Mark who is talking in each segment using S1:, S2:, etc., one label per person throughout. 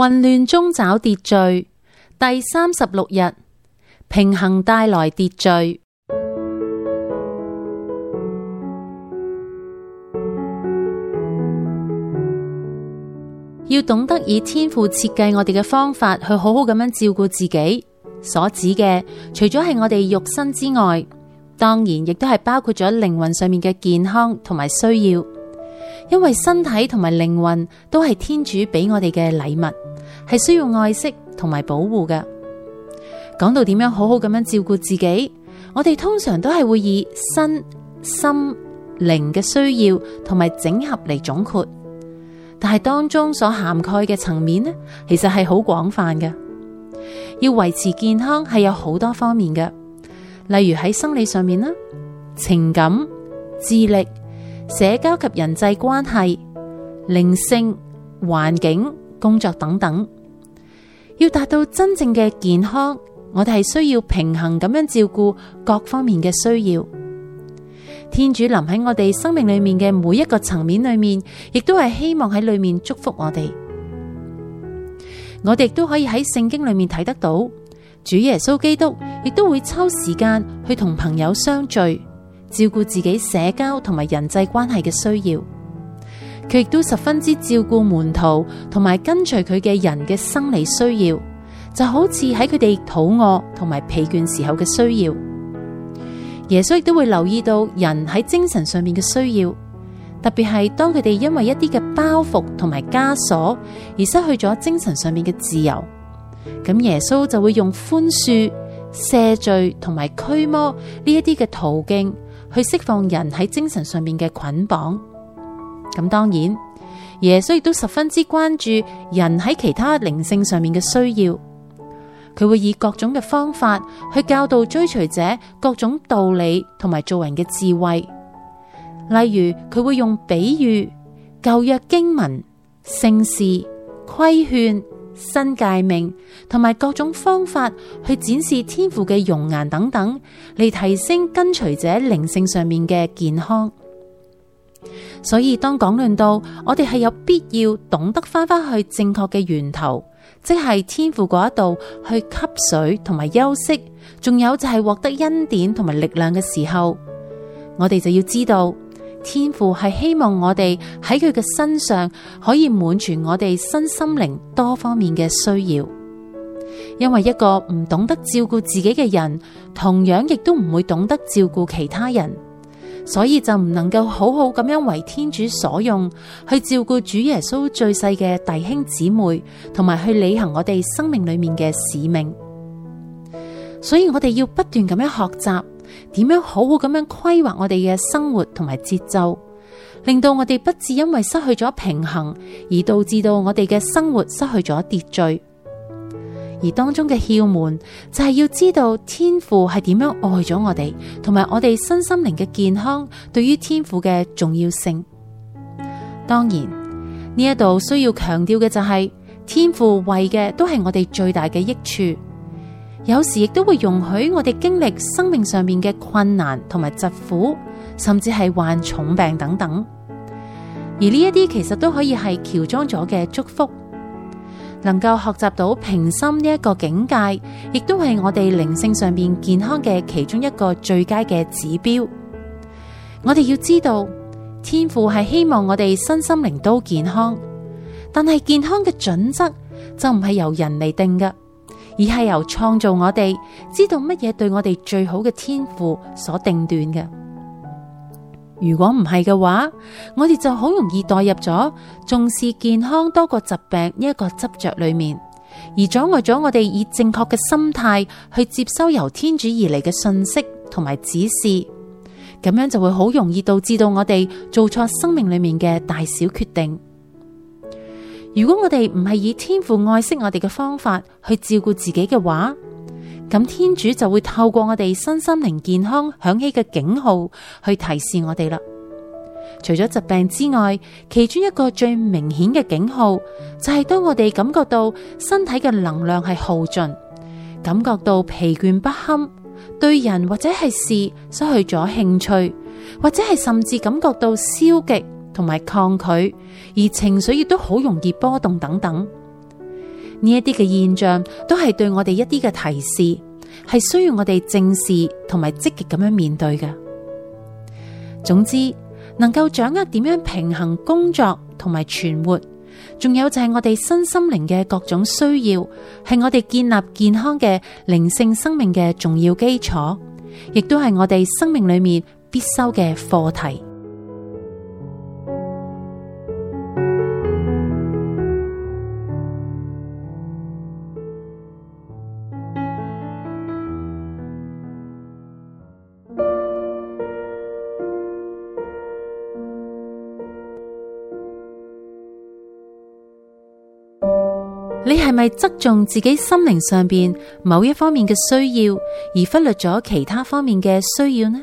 S1: 混亂中找秩序，第三十六日，平衡帶來秩序。要懂得以天父設計我哋嘅方法去好好咁樣照顧自己。所指嘅除咗係我哋肉身之外，當然亦都係包括咗靈魂上面嘅健康同埋需要，因為身體同埋靈魂都係天主俾我哋嘅禮物。係需要愛惜同埋保護嘅。講到點樣好好咁樣照顧自己，我哋通常都係會以身心靈嘅需要同埋整合嚟總括，但係當中所涵蓋嘅層面呢，其實係好廣泛嘅。要維持健康係有好多方面嘅，例如喺生理上面啦、情感、智力、社交及人際關係、靈性、環境、工作等等，要達到真正嘅健康，我哋係需要平衡咁樣照顧各方面嘅需要。天主臨喺我哋生命裏面嘅每一個層面裏面，亦都係希望喺裏面祝福我哋。我哋亦都可以喺聖經裏面睇得到，主耶穌基督亦都會抽時間去同朋友相聚，照顧自己社交同埋人際關係嘅需要。佢亦都十分之照顧門徒同埋跟隨佢嘅人嘅生理需要，就好似喺佢哋肚餓同埋疲倦時候嘅需要。耶穌亦都會留意到人喺精神上面嘅需要，特別係當佢哋因為一啲嘅包袱同埋枷鎖而失去咗精神上面嘅自由，咁耶穌就會用寬恕、赦罪同埋驅魔呢一啲嘅途徑去釋放人喺精神上面嘅捆綁。咁當然，耶穌亦都十分之關注人喺其他靈性上面嘅需要，佢會以各種嘅方法去教導追隨者各種道理同埋做人嘅智慧。例如，佢會用比喻、舊約經文、聖事、規勸、新誡命同埋各種方法去展示天父嘅容顏等等，嚟提升跟隨者靈性上面嘅健康。所以，當講論到我哋係有必要懂得返返去正確嘅源頭，即係天父嗰一度去吸水同埋休息，仲有就係獲得恩典同埋力量嘅時候，我哋就要知道，天父係希望我哋喺佢嘅身上可以滿全我哋身心靈多方面嘅需要，因為一個唔懂得照顧自己嘅人，同樣亦都唔會懂得照顧其他人。所以就唔能夠好好咁樣為天主所用，去照顧主耶穌最細嘅弟兄姊妹，同埋去履行我哋生命裏面嘅使命。所以我哋要不斷咁樣學習，點樣好好咁樣規劃我哋嘅生活同埋節奏，令到我哋不至因為失去咗平衡，而導致到我哋嘅生活失去咗秩序。而當中嘅竅門就係、是、要知道天父係點樣愛咗我哋，同埋我哋身心靈嘅健康對於天父嘅重要性。當然呢一度需要強調嘅就係、是、天父為嘅都係我哋最大嘅益處，有時亦都會容許我哋經歷生命上面嘅困難同埋疾苦，甚至係患重病等等。而呢一啲其實都可以係喬裝咗嘅祝福。能夠學習到平心呢一個境界，亦都係我哋靈性上邊健康嘅其中一個最佳嘅指標。我哋要知道，天父係希望我哋身心靈都健康，但係健康嘅準則就唔係由人嚟定㗎，而係由創造我哋，知道乜嘢對我哋最好嘅天父所定斷嘅。如果唔係嘅話，我哋就好容易代入咗重視健康多過疾病呢一個執着裏面，而阻礙咗我哋以正確嘅心態去接收由天主而嚟嘅訊息同埋指示，咁樣就會好容易導致到我哋做錯生命裏面嘅大小決定。如果我哋唔係以天父愛惜我哋嘅方法去照顧自己嘅話，咁天主就會透過我哋身心靈健康響起嘅警號去提示我哋啦。除咗疾病之外，其中一個最明顯嘅警號就係當我哋感覺到身體嘅能量係耗盡，感覺到疲倦不堪，對人或者係事失去咗興趣，或者係甚至感覺到消極同埋抗拒，而情緒亦都好容易波動等等。呢一啲嘅現象都係對我哋一啲嘅提示，係需要我哋正視同埋積極咁樣面對嘅。總之，能夠掌握點樣平衡工作同埋存活，仲有就係我哋身心靈嘅各種需要，係我哋建立健康嘅靈性生命嘅重要基礎，亦都係我哋生命裏面必修嘅課題。你係咪側重自己心靈上邊某一方面嘅需要，而忽略咗其他方面嘅需要呢？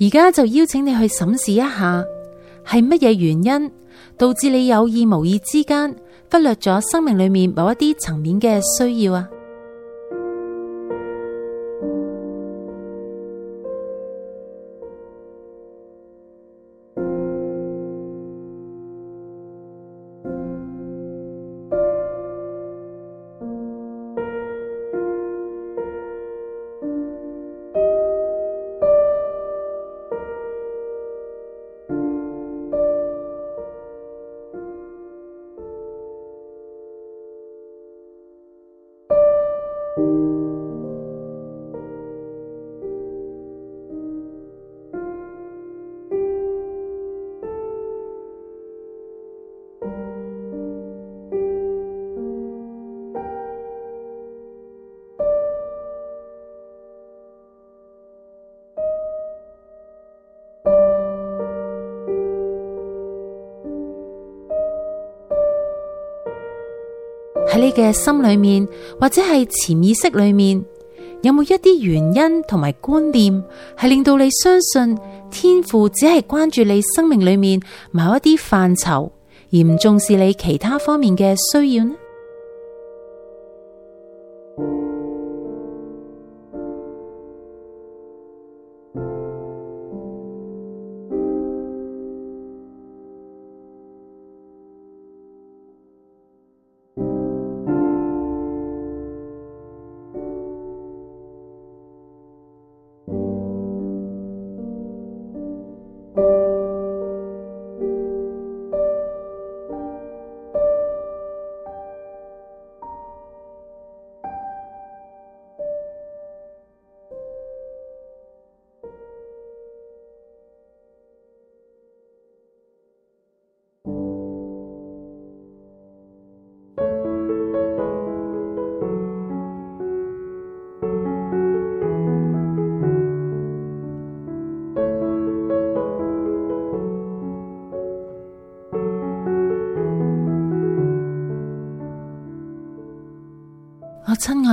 S1: 而家就邀請你去審視一下，係乜嘢原因導致你有意無意之間忽略咗生命裏面某一啲層面嘅需要啊？嘅心裏面，或者係潛意識裏面，有冇一啲原因同埋觀念，係令到你相信天父只係關注你生命裏面某一啲範疇，而唔重視你其他方面嘅需要呢？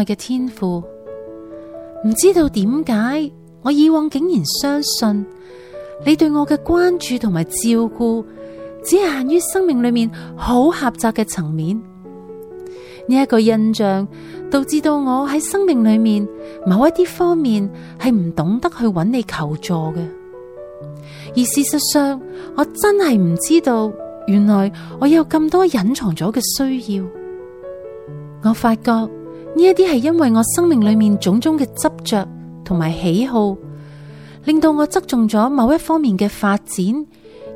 S1: 嘅天父，唔知道點解我以往竟然相信你對我嘅關注同埋照顧，只限於生命裏面好狹窄嘅層面。呢一個印象導致到我喺生命裏面某一啲方面係唔懂得去揾你求助嘅而事實上我真係唔知道，原來我有咁多隱藏咗嘅需要，我發覺。呢一啲係因為我生命裏面種種嘅執着同埋喜好，令到我側重咗某一方面嘅發展，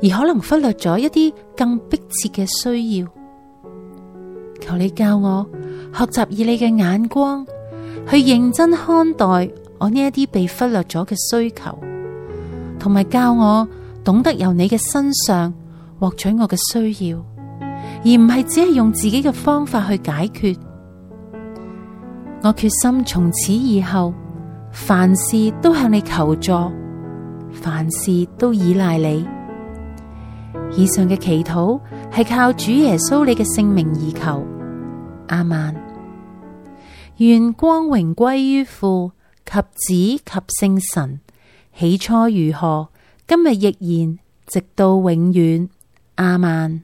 S1: 而可能忽略咗一啲更迫切嘅需要。求你教我學習以你嘅眼光去認真看待我呢一啲被忽略咗嘅需求，同埋教我懂得由你嘅身上獲取我嘅需要，而唔係只係用自己嘅方法去解決。我決心從此以後，凡事都向你求助，凡事都依賴你。以上嘅祈禱係靠主耶穌你嘅聖名而求。亞孟。願光榮歸於父及子及聖神，起初如何，今日亦然，直到永遠。亞孟。